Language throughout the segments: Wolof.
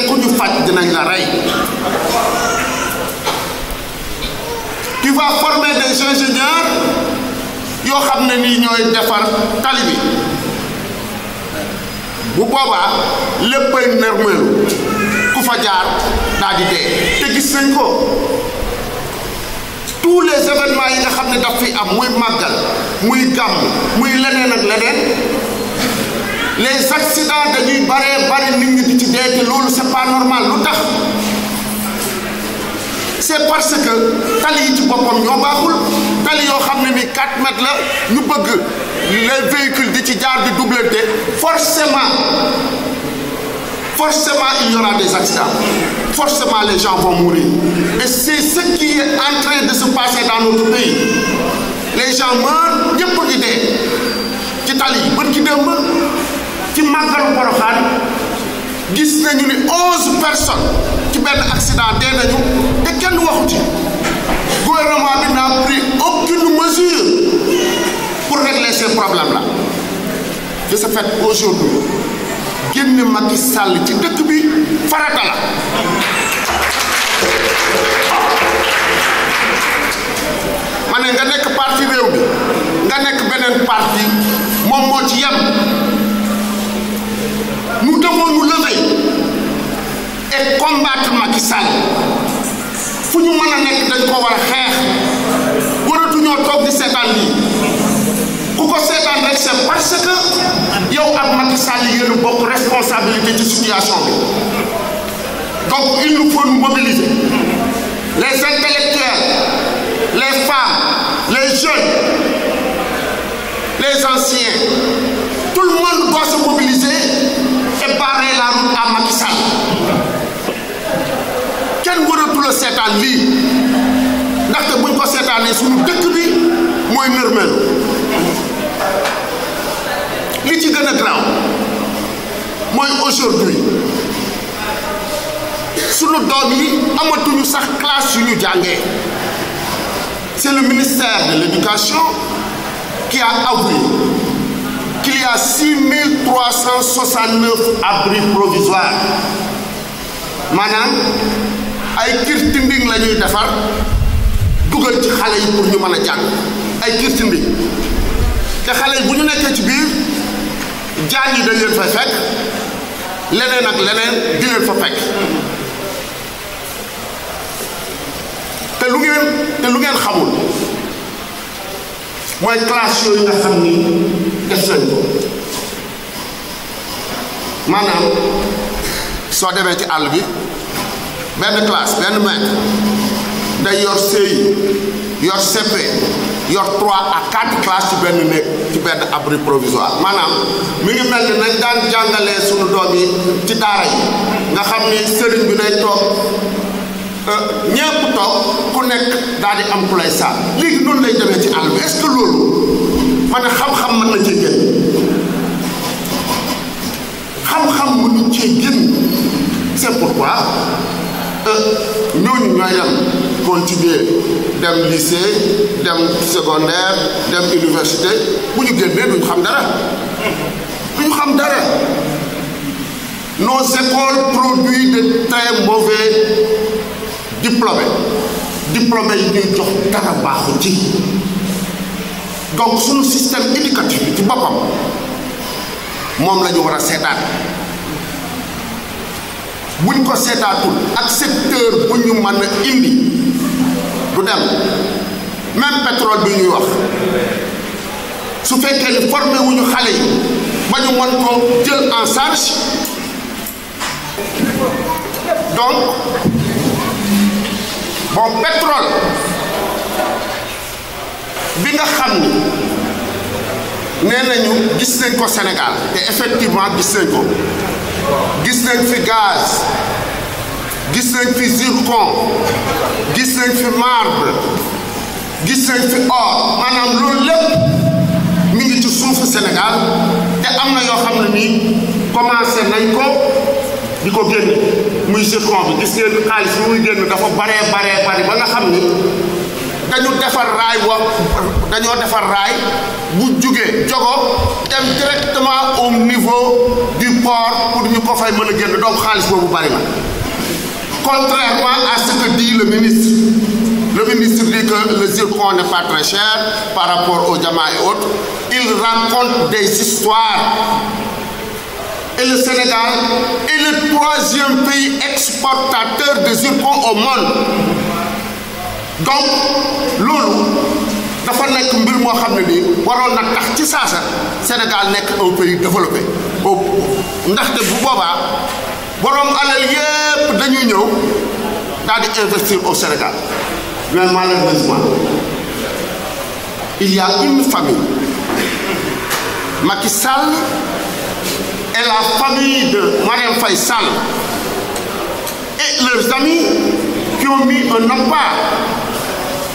keneen ku ñu faj dinañ la rey tu vas former des ingénieurs yoo xam ne nii ñooy defar tali bi bu boobaa léppay nermeelu ku fa jaar daal di dee te gis nañ ko tous les événements yi nga xam ne daf fi am muy màggal muy gàmm muy leneen ak leneen les accidents de baree bari nit ñi c'est pas normal c'est parce que tali tu ci tali 4 mètres la ñu que les véhicules di ci double di forcément forcément il y aura des accidents forcément les gens vont mourir et c'est ce qui est en train de se passer dans notre pays les gens meurent ñëpp di pas ci tali yi bët ki ci màggalu Porokhane gis nañu ni 11 personnes ci benn accident dee nañu te kenn waxu ci gouvernement bi n'a pris aucune mesure pour régler ces problèmes-là de ce fait aujourd'hui génn Macky Sall ci dëkk bi farata la ma ne nga nekk parti réew bi nga nekk beneen parti moom moo ci yem nous devons nous lever et combattre Macky Sall nous ñu mën Nous nekk dañ ko war a xeex Nous devons di seetaan lii ko rek c'est parce que yow ak Macky Sall a responsabilité de situation donc il nous faut nous mobiliser les intellectuels les femmes les jeunes les anciens tout le monde doit se mobiliser. préparer la route à Macky Sall kenn waratu seetaan lii ndaxte buñ ko seetaanee suñu dëkk bi mooy nërmeel li ci gën a graaw mooy aujourd'hui suñu doom yi amatuñu sax classe yu ñu jàngee c'est le ministère de l'éducation qui a il y a 6369 abris provisoires maanaam ay kirti mbing la ñuy defar dugal ci xale yi pour ñu mën a jàng ay kirti te xale yi bu ñu nekkee ci biir jaan yi dañ leen fekk leneen ak leneen di leen fa fekk te lu ngeen te lu ngeen xamul mooy classe yooyu nga xam ni kesenko maanaam so demee ci àll bi benn classe benn maître day yor CI yor CP yor 3 à 4 classes ci benn néeg ci benn abri provisoire maanaam mi ngi mel ni nañ daan jàngalee sunu doom yi ci daara yi nga ni bi day toog euh, ñépp toog ku nekk daal di am ku lay saal léegi lay demee ci àll bi est ce que loolu ne xam-xam man na ci génn xam-xam ñu ci génn c'est pourquoi euh, ñooñu ñooy dem continuer dem lycée dem secondaire dem université bu ñu génnee duñ xam dara duñu xam dara nos écoles produit de très mauvais diplômés diplômés yi ñuy jox dara baaxu ci donc suñu système éducatif bi ci boppam moom lañu war a seetaat buñ ko seetaatul ak secteur bu ñu mën indi du dem même pétrole bi ñuy wax su fekkee ni formé wuñu xale yi ba ñu mën ko jël en charge donc bon pétrole bi nga xam ni ne nañu gis nañ ko Sénégal te effectivement gis nañ ko gis nañ fi gaz gis nañ fi zircon gis nañ fi marbre gis nañ fi or maanaam loolu lépp mi ngi ci suufu Sénégal te am na yoo xam ne nii commencé nañ ko di ko génn muy zircon bi gis ngeen xaalis bi muy génn dafa baree baree bari ba nga xam ni dañu defar raay wa dañoo defar raay bu jugee jogo dem directement au niveau du port pour ñu ko fay mën a jënd donc xaalis boobu bari na contrairement à ce que dit le ministre le ministre dit que le zircon n'est pas très cher par rapport au diamant et autres il raconte des histoires et le Sénégal est le troisième pays exportateur de zircon au monde donc lolo, dafa nekk mbir tax ci Sénégal un pays développé au Sénégal mais malheureusement il y a une famille Macky Sall et la famille de Mariam Faye et leurs amis qui ont mis un emploi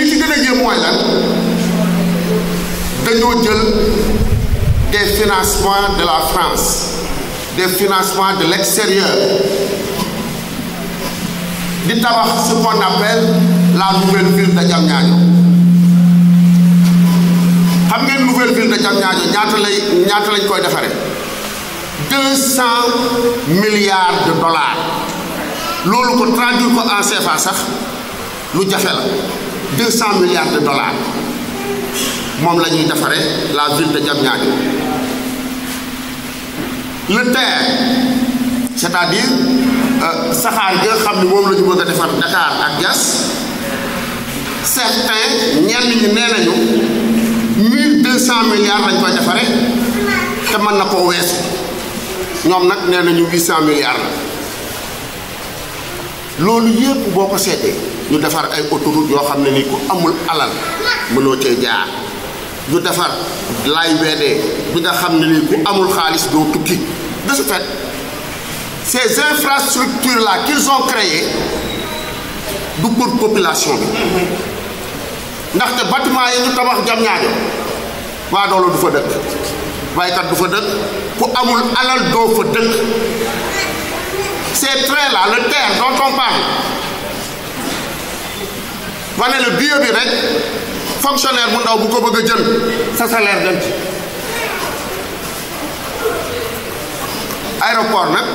li ci gën a mooy lan dañoo jël des financements de la France des financements de l'extérieur di tabax ce qu'on la nouvelle ville de Diamniadio xam ngeen nouvelle ville de Diamniadio ñaata lay ñaata lañ koy defaree deux cent milliards de dollars loolu ko traduire ko en CFA sax lu jafe la. deux cent milliards de dollars moom la ñuy defaree la ville de Diamniadio le TER c'est-à-dire euh, saxaar gi xam ne moom lañu ñu bëgg a defar Dakar ak Diass certains ñenn ñi nee nañu mille deux cent lañ koy defaree te man na koo weesu ñoom nag nee nañu huit cent la loolu yépp boo ko seetee. Nous defar ay autoroute yoo xam ni ku amul alal mënoo jaar ñu defar lay bi amul de ce fait ces infrastructures là qu'ils ont créées du pour population bi bâtiment ñu du fa du fa ku amul alal fa ces trains là le terre dont on parle ma ne la bio bi rek fonctionnaire bu ndaw bu ko bëgg a jël sa salaire dem ci aéroport nag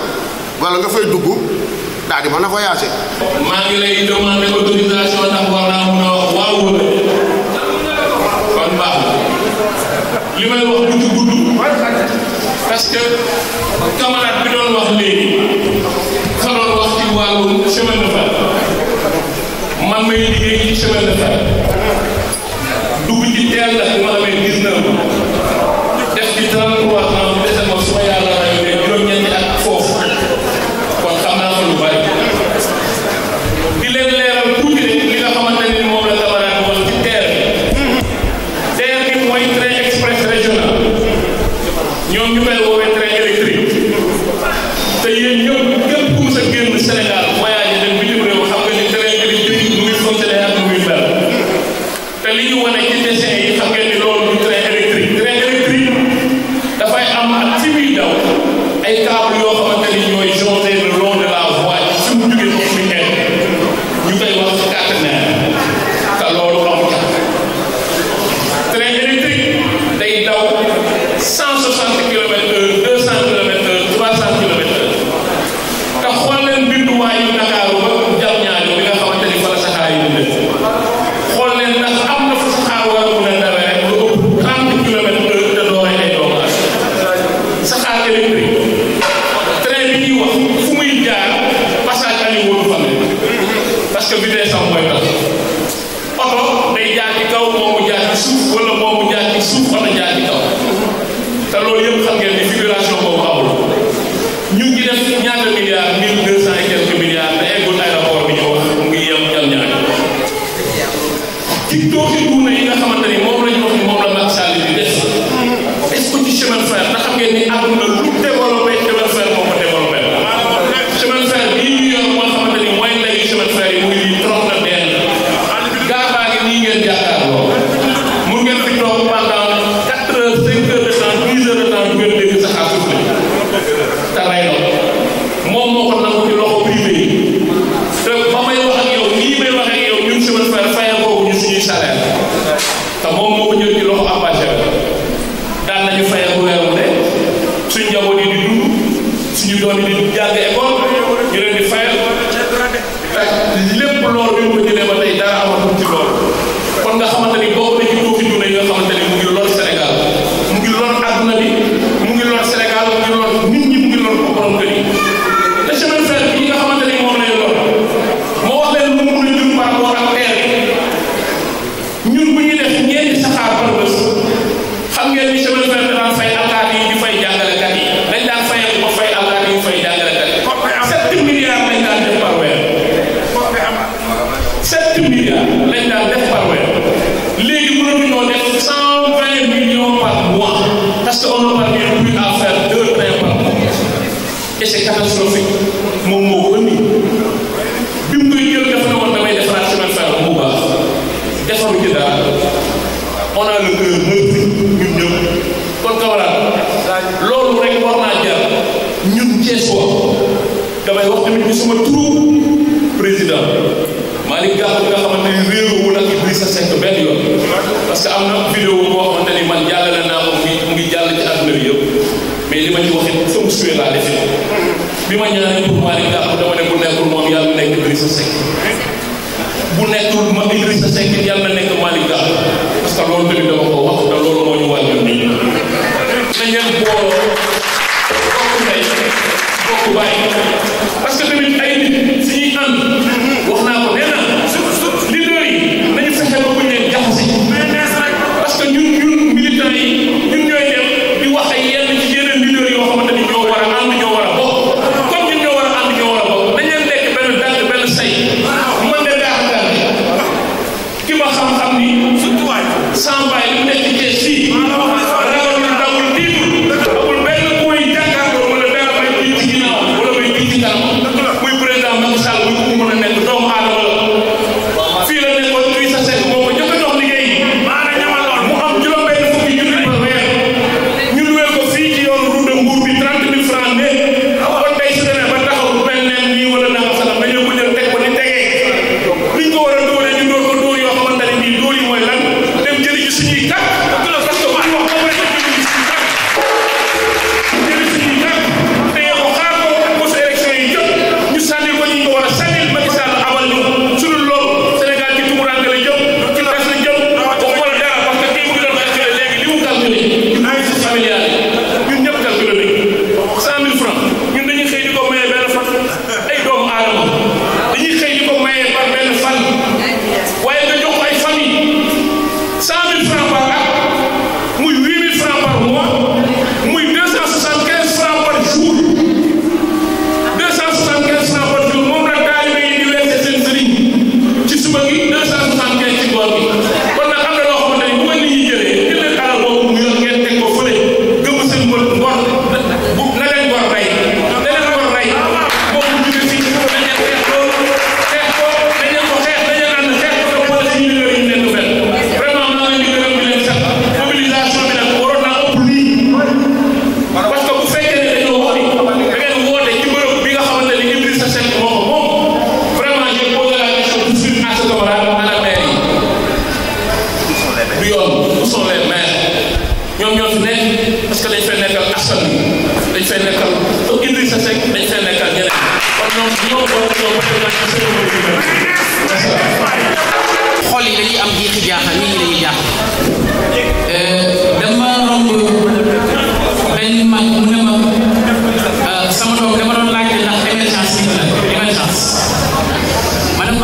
wala nga fay dugg daal di maa ngi lay demander autorisation ndax war naa mën na li may wax du ci gudd parce que camarade bi doon wax léegi fa doon wax ci wàllu chemin de man may liggéey ci chemin de fer dugg ci teel nag ma amee 19 def ci 33 ans table yoo xamante ni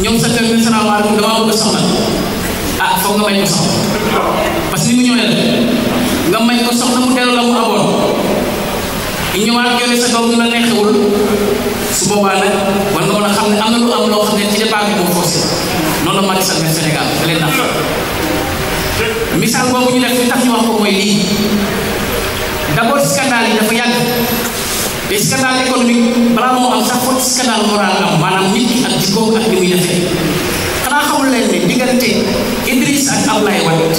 ñoom sa kër gi salaamaaleykum damaa bëgg a soxla ah foog nga que ni mu ñëwee la nga bañ ko soxla mu dellu la mu amoon ñëwaat yore sa doom la neexewul su boobaa nag war nga mën xam ne am na lu am loo xam ne ci départ bi moo forcé noonu la Macky Sall Sénégal da leen nax misaal boobu ñu def tax ñu wax ko mooy lii d'abord scandale yi dafa yàgg. te scandale économique balaa moo am sax fot scandale moral am maanaam nit ki ak jikkoom ak li muy defee xanaa xamul leen ne diggante Idriss ak Ablaye Wade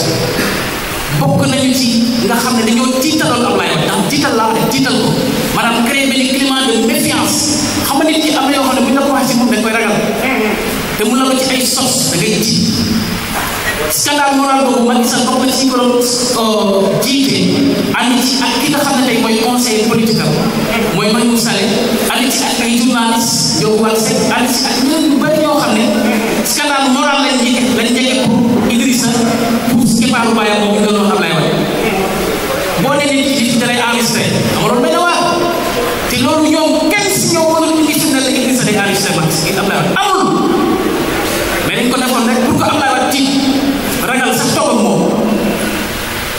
bokk nañu ci nga xam ne dañoo tiitaloon Ablaye Wade ndax tiital laa ne tiital ko maanaam créé benn climat de méfiance xam nga nit ki am na yoo xam ne bu ñu la ay sos da ngay tiit scandale moral boobu ma gisal bokk na ci ko jiite ànd ci ak ki nga xam ne tey Maymouna Sallé ànd ci ak ay journaliste yow wàllu set ànd ci ak ñoom ñu bëri ñoo xam ne scandale moral a indi ko defoon rek pour que Ablaye ragal sax toog moom.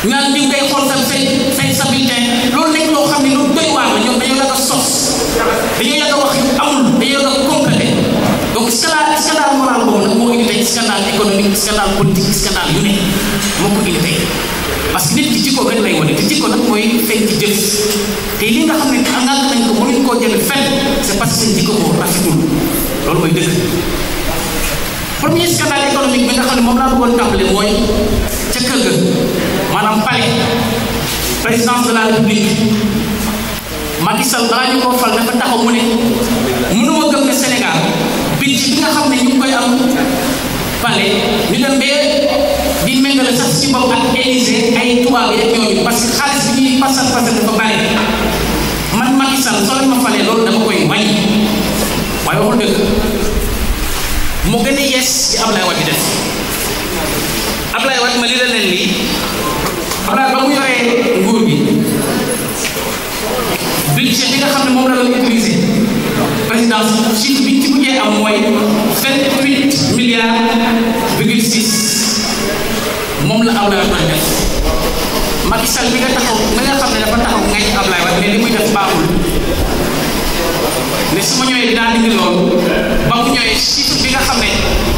naan bi ngay xool sa fay fay sa bulletin loolu nekk loo xam ne lu doy waar na ñoom dañoo yàgg a sos dañoo yàgg a wax a nag moo indi tey scandale économique ko indi tey ki jikko gën lay wane te jikko nag mooy feeñ ci jëf te li nga xam ne àngal nañ ko mënuñ koo jël fenn c'est parce que seen jikko boobu rafetul loolu mooy dëgg premier scandale économique bi nga xam ne moom laa bëggoon tàmbale mooy ca kër ga maanaam palais présidence de la république Macky Sall balaa ñu ko fal dafa taxaw mu ne mënuma gëm ne Sénégal budget bi nga xam ne ñu koy am palais ñu dem bee di méngale sax ci bopp ak Élysée ay tubaab yi ñooñu parce que xaalis bi ñuy pasal pasal dafa bari man Macky soo leen ma falee loolu dama koy wàññi waaye waxul dëgg mu gën a yees ci Abdoulaye Wade def Ablaye Wade ma li la leen lii Ablaye ba mu yoree nguur bi xam ne moom la doon utilisé présidence chiffre bi ci mujjee am mooy vingt huit milliards virgule six moom la Ablaye Wade def Macky Sall bi nga taxaw na nga xam ne dafa taxaw ngay Ablaye Wade mais li muy def baaxul mais su ma ñëwee daal di loolu ba mu ñëwee chiffre bi xam ne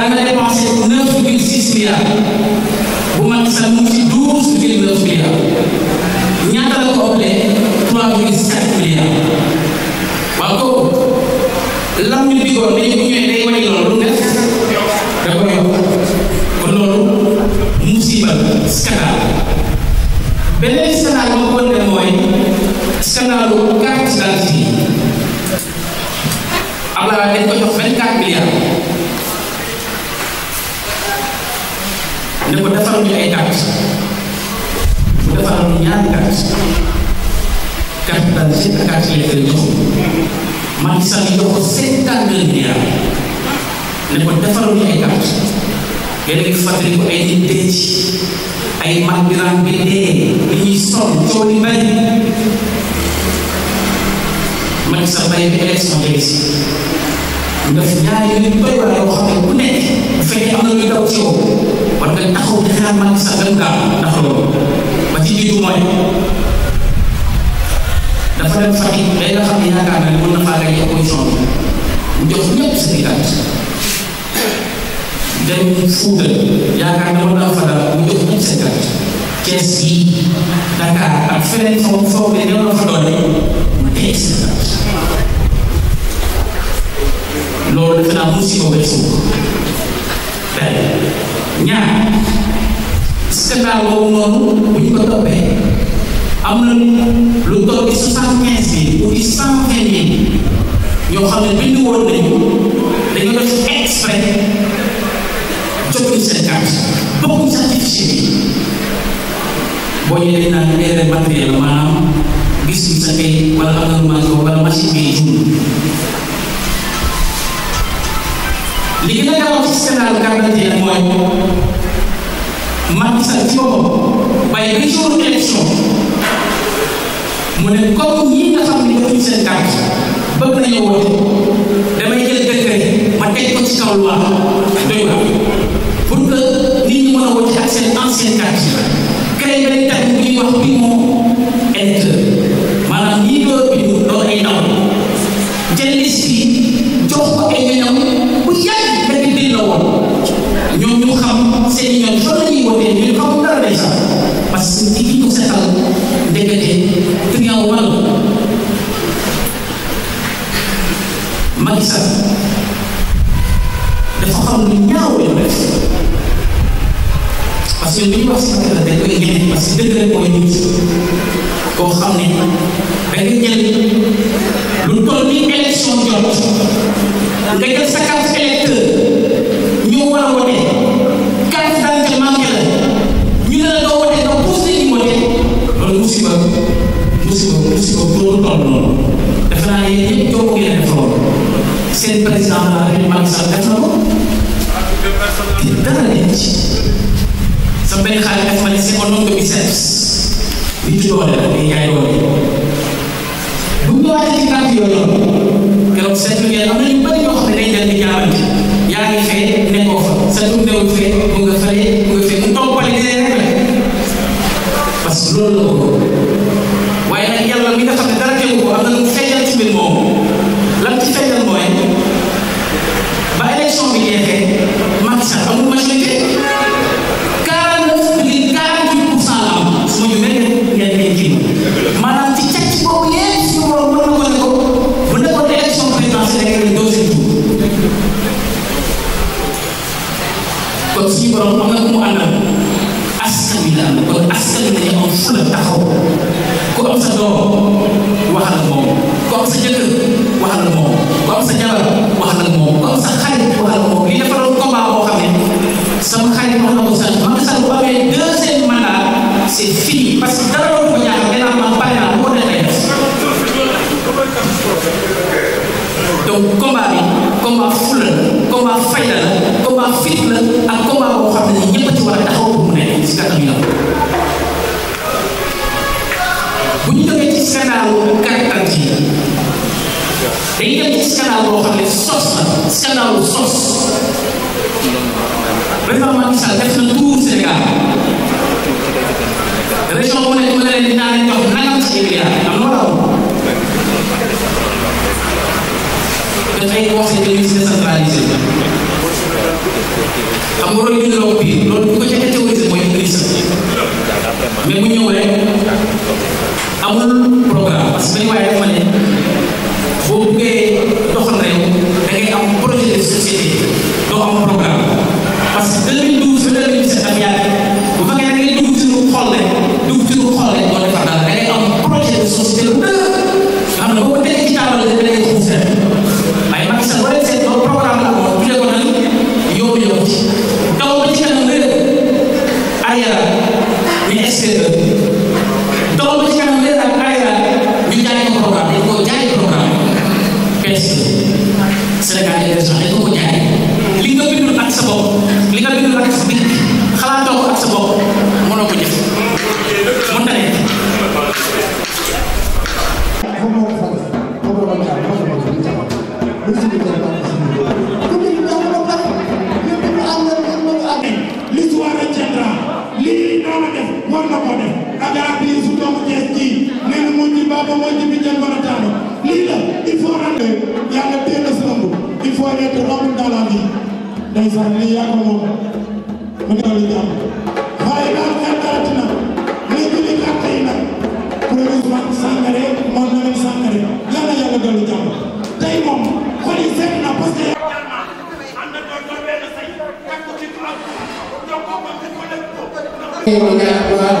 daa nga dépensé 9,6 milliards bu Macky Sall mu ci 12,9 milliards ñaata la ko ëppee 3,4 milliards waaw kooku lan ñu digoon dañu bu ñëwee day wàññi loolu lu def da ko yokk kon loolu musiba scandale beneen scandale moo ko ne mooy scandale carte d'identité Abdoulaye dañ ko jox 24 milliards المدخر إلى إدارس مدخر إلى إدارس كتب ستة لفلسو ما يسميه ستة مليار المدخر إلى إدارس Jadi fatri ko ay intej ay magbirang bide ni son choli bay magsabay election days ndax ñaari nit bay waar yoo xam ne ku nekk bu fekkee am na luy daw ci yow war nga taxaw di xaar Macky Sall dem gaaw ndax loolu ba ci jiitu mooy dafa dem Fatick day nga xam ne yaakaar na ne mën na faa gañe opposition bi mu jox ñëpp seen daat dem Fouta yaakaar na mën na fa dal mu jox ñëpp seen daat Thiès yi Dakar ak feneen foo foo ne ne la fa doole mu tee seen daat loolu defe naa musiba weesu benn ñaar scandale boobu noonu bu ñu ko toppee am na lu toog ci soixante quinze mille ou cent vingt mille ñoo xam ne bind woon nañu dañoo def exprès jotuñu seen carte bokkuñ sax ci fichier bi boo maanaam gis sa kay wala am na lu manqué wala machine bi jum li gën a gaaw ci scénario gàllankoor yi mooy Macky Sall ci boppam waaye ba jour élection mu ne comme ñi nga xam ne dañu seen carte bëgg nañu woote damay jël décret ma teg ko ci kaw loi doy waar pour que nit ñi mën a woote seen ancien carte créé beneen carte bu ñuy wax bi moo électeur maanaam ñii doon bindu doon ay ndaw. seen i ñoom fa la ñuy wootee ñun xamul dara day sax parce que ki ko setal dëggatee triant wàllu Macky Sall dafa xam lu ñaaw la def parce que li ñuy wax si la dañ koy ñeneen parce que dëgg rek mooy nit koo xam ne da nga jël lu toll ni élection jot nga jël sa carte électeur gis ko gis ko góor naa yéen ñëpp jokkoo ngeen def loolu seen président de la République Macky Sall def na ko te ci sa benn xaalis def ne c'est un homme de biceps bi ci doole la day jaay doole bu ñu ñëwaatee ci kàddu yooyu noonu keroog seetlu ngeen am na ñu bëri ñoo xam ne day jël di jaarale yaa ngi fee nekkoo fa sa tur newul fee mu nga fële mu nga fee mu toppale parce que feeñal boobu lan mooy ba élection bi jeexee Macky Sall amul majorité quarante mille quarante huit pour cent la am su ma ñu mel ngeen ngeen kii maanaam ci càcc boobu yéen suñu borom mën na ko ne ko bu nekkoon élection présidentielle rek doo si dugg kon suñu borom am na ku mu àndal askan bi la am kon askan bi dañu am fula taxaw ku am sa doom sa jëkkër moom ku am sa jabar waxal moom ku am sa xarit waxal moom li defaroon combat wax na ko sax Macky Sall bu amee deuxième mandat c'est fini parce que dara doon ko ñaar man pare naa bu ko defee donc combat bi combat fulla la combat fayda la combat fit la ak combat boo xam ne ñëpp a ci war a taxaw si kanam la bu ñu jógee ci scénario bu gàttal ji dañuy dem ci scénario boo xam ne sos la scénario sos président Macky Sall def na tout Sénégal région bu nekk mu ne leen dinaa leen jox nangam ci milliard am na wala dafay conseil de ministre décentralisé xam nga loolu loolu bu ko ca théorisé mooy ministre mais bu ñëw rek amul programme parce que dañu waaye dama ne boo buggee doxal rek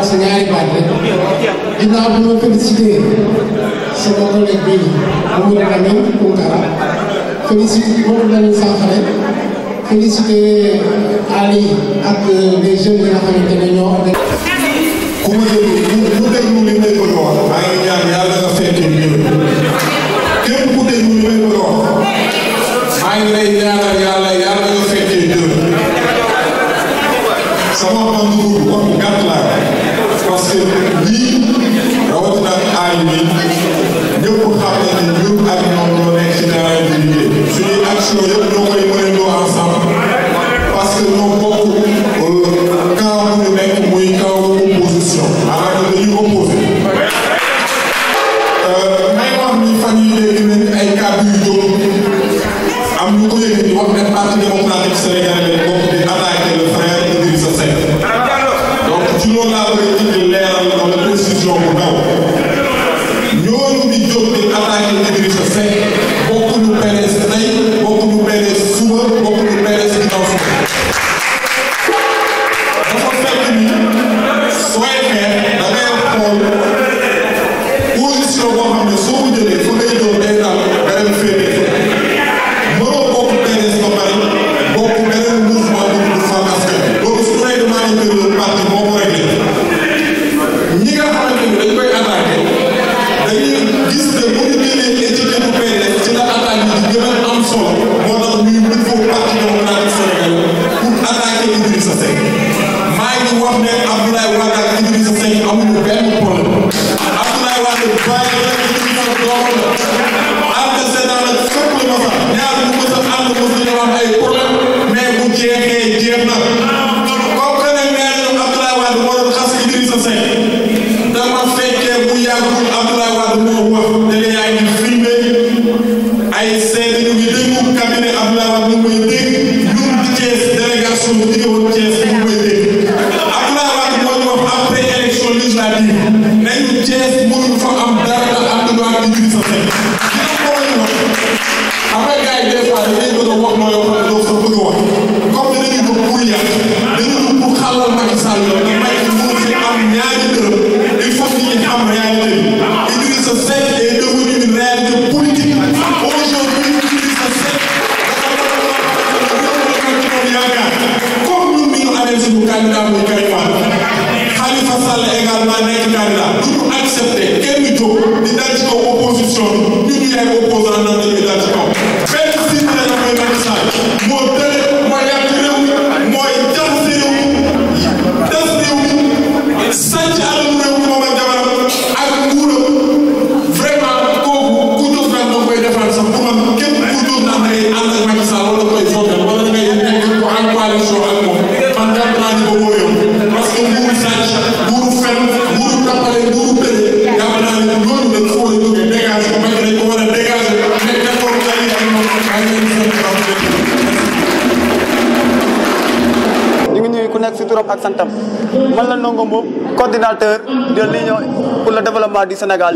sa ñaari baat rek dinaa bu ma félicité sama collègue bi moom la amee Koungara félicité moom la ñu sànqale félicité Ali ak les jeunes yi nga xamante ne ñoo organisé. Senhor, eu coordinateur de l'Union pour le développement du Sénégal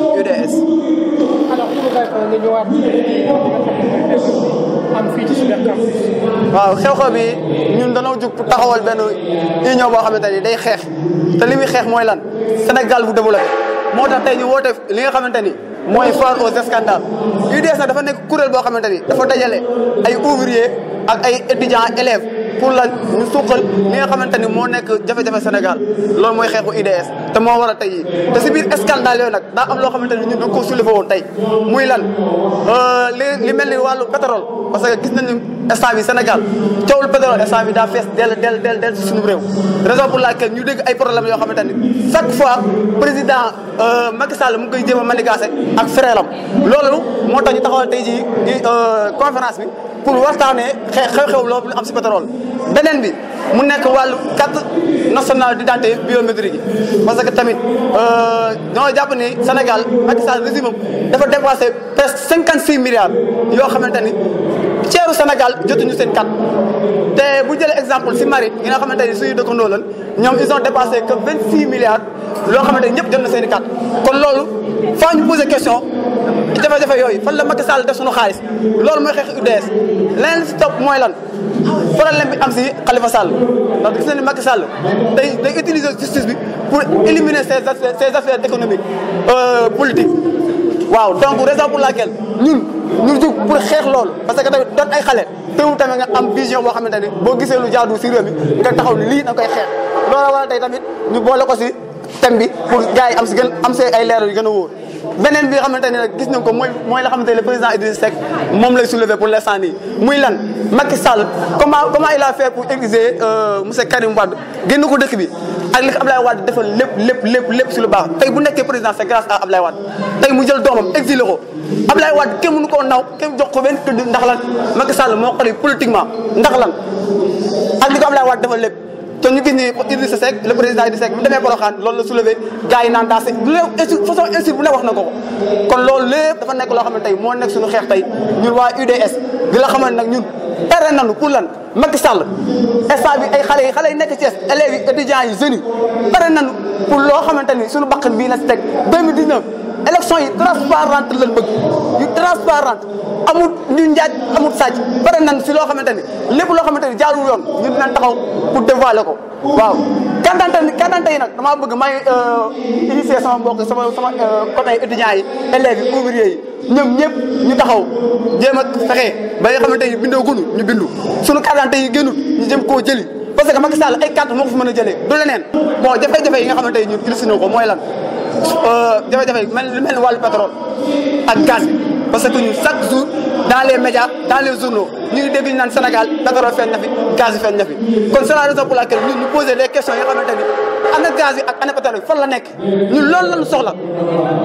waaw xew-xew bi ñun dañoo jug taxawal benn union boo xamante ni day xeex te li xeex mooy lan Sénégal bu développé moo tax tey ñu woote li nga xamante ni mooy foire aux scandales UDS nag dafa nekk kuréel boo xamante ni dafa dajale ay ouvrier ak ay étudiants élèves pour la ñu suqal li nga xamante ni moo nekk jafe-jafe Sénégal loolu mooy xeexu UDS te moo war a tey te si biir scandale yooyu nag daa am loo xamante ne ñun dañ koo soulevé woon tey muy lan euh, li mel ni wàllu pétrole parce que gis nañu instant bi Sénégal coowul pétrole instant bi daa fees dell dell dell dell réew raison pour laquelle ñu dégg ay problème yoo xamante ni chaque fois président euh, Macky Sall mu ngi koy jéem a manigancé ak frère am loolu moo tax ñu taxawal tey jii di euh, conférence bi pour waxtaanee xew-xew loolu am si pétrole beneen bi mu nekk wàllu carte nationale d'identité biométrique yi parce que tamit euh, dañoo jàpp ni Sénégal Macky Sall régime dafa dépassé presque cinquante six milliards yoo xamante ni ceeru Sénégal jotuñu seen carte bu jëlee exemple si Marit yi nga xamante ni suñu dëkkandoo lan ñoom ils ont dépassé que vingt six milliards loo xamante ni ñëpp jot na seen i kon loolu faa ñu poser question jafe-jafe yooyu fan la Macky Sall def suñu xaalis loolu mooy xeex UDS leneen si topp mooy lan problème bi am si Khalifa Sall ndax gis nañu ne Macky Sall day day utiliser justice bi pour éliminer ses affaires ses affaires économiques euh, waaw donc raison pour laquelle ñun ñu jug pour xeex lool parce que tamit doon ay xale teewul tamit nga am vision boo xamante ne boo gisee lu jaadu si réew mi nga taxaw lii da koy xeex loolu wala tamit ñu boole ko si thème bi pour gars yi am si gën am see ay leeral yu gën a wóor. beneen bi nga xamante ne nag gis nañ ko mooy mooy la xamante ne le président Idriss Seck moom lay soulever pour l'instant nii muy lan Macky Sall comment comment il a fait pour exiger euh, monsieur Karim Wade génn ko dëkk bi ak li Ablaye Wade defal lépp lépp lépp lépp si lu baax tey bu nekkee président c'est grâce à Ablaye Wade tey mu jël doomam exilé ko Ablaye Wade kenn mënu koo naw kenn jox ko benn këdd ndax lan Macky Sall moo xoli politiquement ndax lan ak li ko Ablaye Wade defal lépp te ñu gis ne Idrissa Seck le président Idrissa Seck bu demee Porokhane loolu la soulevé naan daa sëñ lu façon insulte bu ne wax na ko kon loolu lépp dafa nekk loo xam ne tey moo nekk suñu xeex tey ñun waa UDS di la xamal nag ñun pare nañu pour lan Macky Sall instant bi ay xale yi xale yi nekk Thiès élèves yi étudiants yi jeunes yi pare nañu pour loo xamante ni suñu bakkan bii la si teg 2019 élection yi transparente lañ bëgg yu transparente amul ñu njaaj amul sàcc pare nan si loo xamante ni lépp loo xamante ni jaarul yoon ñu dinañ taxaw pour dévoiler ko waaw kandante kandante yi nag damaa bëgg may euh, initier sama mbokk sama sama euh, côté étudiants yi élèves yi ouvriers yi ñoom ñëpp ñu taxaw jéem ak fexe ba nga xamante ni bindoo gunu ñu bindu suñu kandante yi génnut ñu jëm koo jëli parce que Macky Sall ay carte moo ko mën a jëlee du leneen bon jafe-jafe yi mooy lan Euh, jafe-jafe mel lu mel ni wàllu pétrole ak gaz parce que ñun chaque jour dans les médias dans les journaux ñu ngi naan Sénégal pétrole feeñ na fi gaz bi feeñ na fi kon la raison pour laquelle ñun ñu poser les questions gaz ak ana pétrole bi la nekk ñun loolu lañu soxla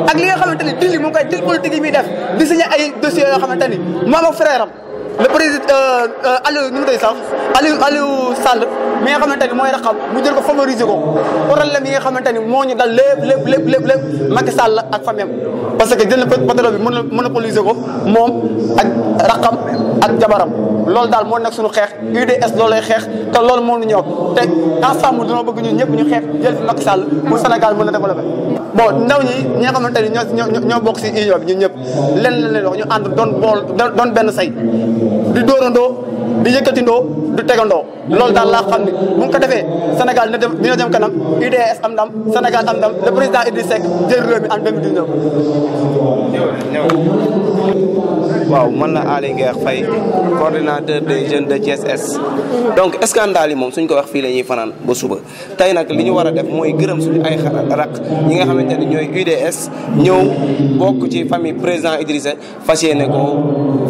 ak li nga xamante ni dili mu ngi koy dil politique def di signé ay dossiers yoo xamante ni moom ak le président euh, euh, Aliou nu mu tëj sax Aliou Aliou Sall mi nga xamante ni mooy raxam mu jël ko favoriser ko problème yi nga xamante ni moo ñu dal lépp lépp lépp lépp lépp Sall ak famem parce que jël na pétrole bi mën monopoliser ko moom ak raxam ak jabaram loolu daal moo nekk suñu xeex UDS loolu lay xeex te loolu moo ñu ñëw te ensemble dañoo bëgg ñun ñëpp ñu xeex jël fi Macky Sall mu Sénégal mën a développé bon ndaw ñi ñi nga xamante ni ñoo ñoo bokk si union bi ñun ñëpp len la leen wax ñu ànd doon benn say di dóorandoo di yëkkatindoo di tegandoo loolu daal laa xam ne bu ñu ko defee Sénégal dina dem dina dem kanam UDS am ndam Sénégal am ndam le président Idriss Seck jël réew mi en waaw man la Aly Nguer Faye coordinateur des jeunes de Thiès Est donc scandale yi moom suñ ko wax fii la fanaan ba suba tey nag li ñu war a def mooy gërëm suñu ay xaral rak ñi nga xamante ne ñooy UDS ñëw bokk ci famille président Idrissa fas yéene ko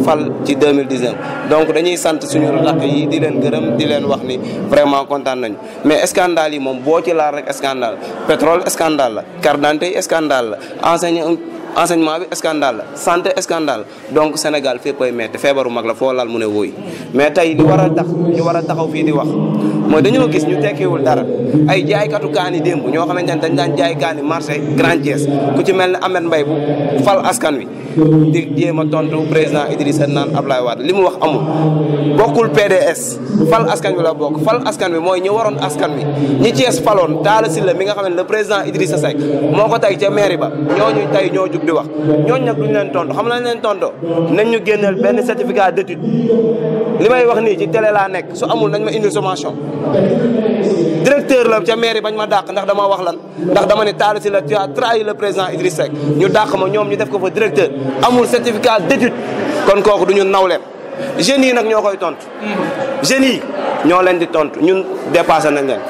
fal ci 2019 donc dañuy sant suñu rak yi di leen gërëm di leen wax ni vraiment kontaan nañu mais scandale yi moom boo ci laal rek scandale pétrole scandale la carte d'identité scandale la enseigne enseignement bi scandale la santé scandale donc Sénégal féppay metti feebaru mag la foo lal mu ne wóoy mais tey li war a dax ñu war a taxaw fii di wax mooy dañoo gis ñu tekkiwul dara ay jaaykatu kaani démb ñoo xamante ne dañ daan jaay kaani marché Grand Thiès ku ci mel ni Ahmed mbay bu fal askan wi di jéem a tontu président Idrissa naan Ablaye Wade li mu wax amul bokkul PDS fal askan wi la bokk fal askan wi mooy ñi waroon askan wi ñi Thiès faloon Talla Sylla mi nga xam ne le président Idrissa Seck moo ko tey ca mairie ba ñooñu tey ñoo jug di wax ñooñu nag duñu leen tontu xam lañ leen tontu nañ ñu génneel benn certificat d'étude li may wax nii ci télé laa nekk su amul nañ ma indi sommation directeur la ca mairie bañ ma dàq ndax dama wax lan ndax dama ne Talla Sylla tu as trahi la président Idriss Seck ñu dàq ma ñoom ñu def ko fa directeur amul certificat d'étude kon kooku du ñu nawleem jeunes yi nag ñoo koy tontu. jeunes yi ñoo leen di tontu ñun dépassé nañ leen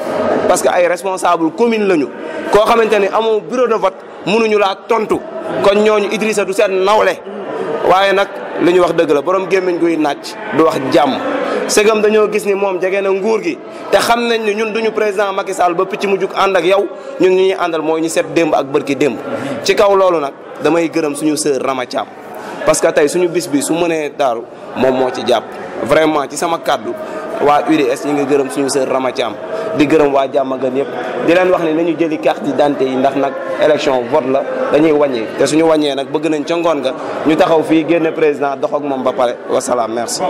parce que ay responsable commune lañu koo xamante ni amoo bureau de vote mënuñu laa tontu kon ñoo ñooñu Idrissa du seen nawle waaye nag li ñu wax dëgg la borom gémmiñ guy naaj du wax jàmm. segam dañoo gis ni moom jege na nguur gi te xam nañ ni ñun duñu président Macky Sall ba picc mu jug ànd ak yow ñun ñu ñuy àndal mooy ñu seet démb ak bërki démb ci kaw loolu nag damay gërëm suñu sœur Rama Thiam parce que tey suñu bis bi su mënee daaru moom moo ci jàpp vraiment ci sama kàddu waa UDS ñi ngi gërëm suñu sœur Rama Thiam di gërëm waa jàmmagan yëpp di wax ne nañu jëli di d'identité yi ndax nag élection vote la dañuy wàññee te suñu wàññee nag bëgg nañ ca ngoon nga ñu taxaw fii génn président dox ak moom ba pare wasalaam merci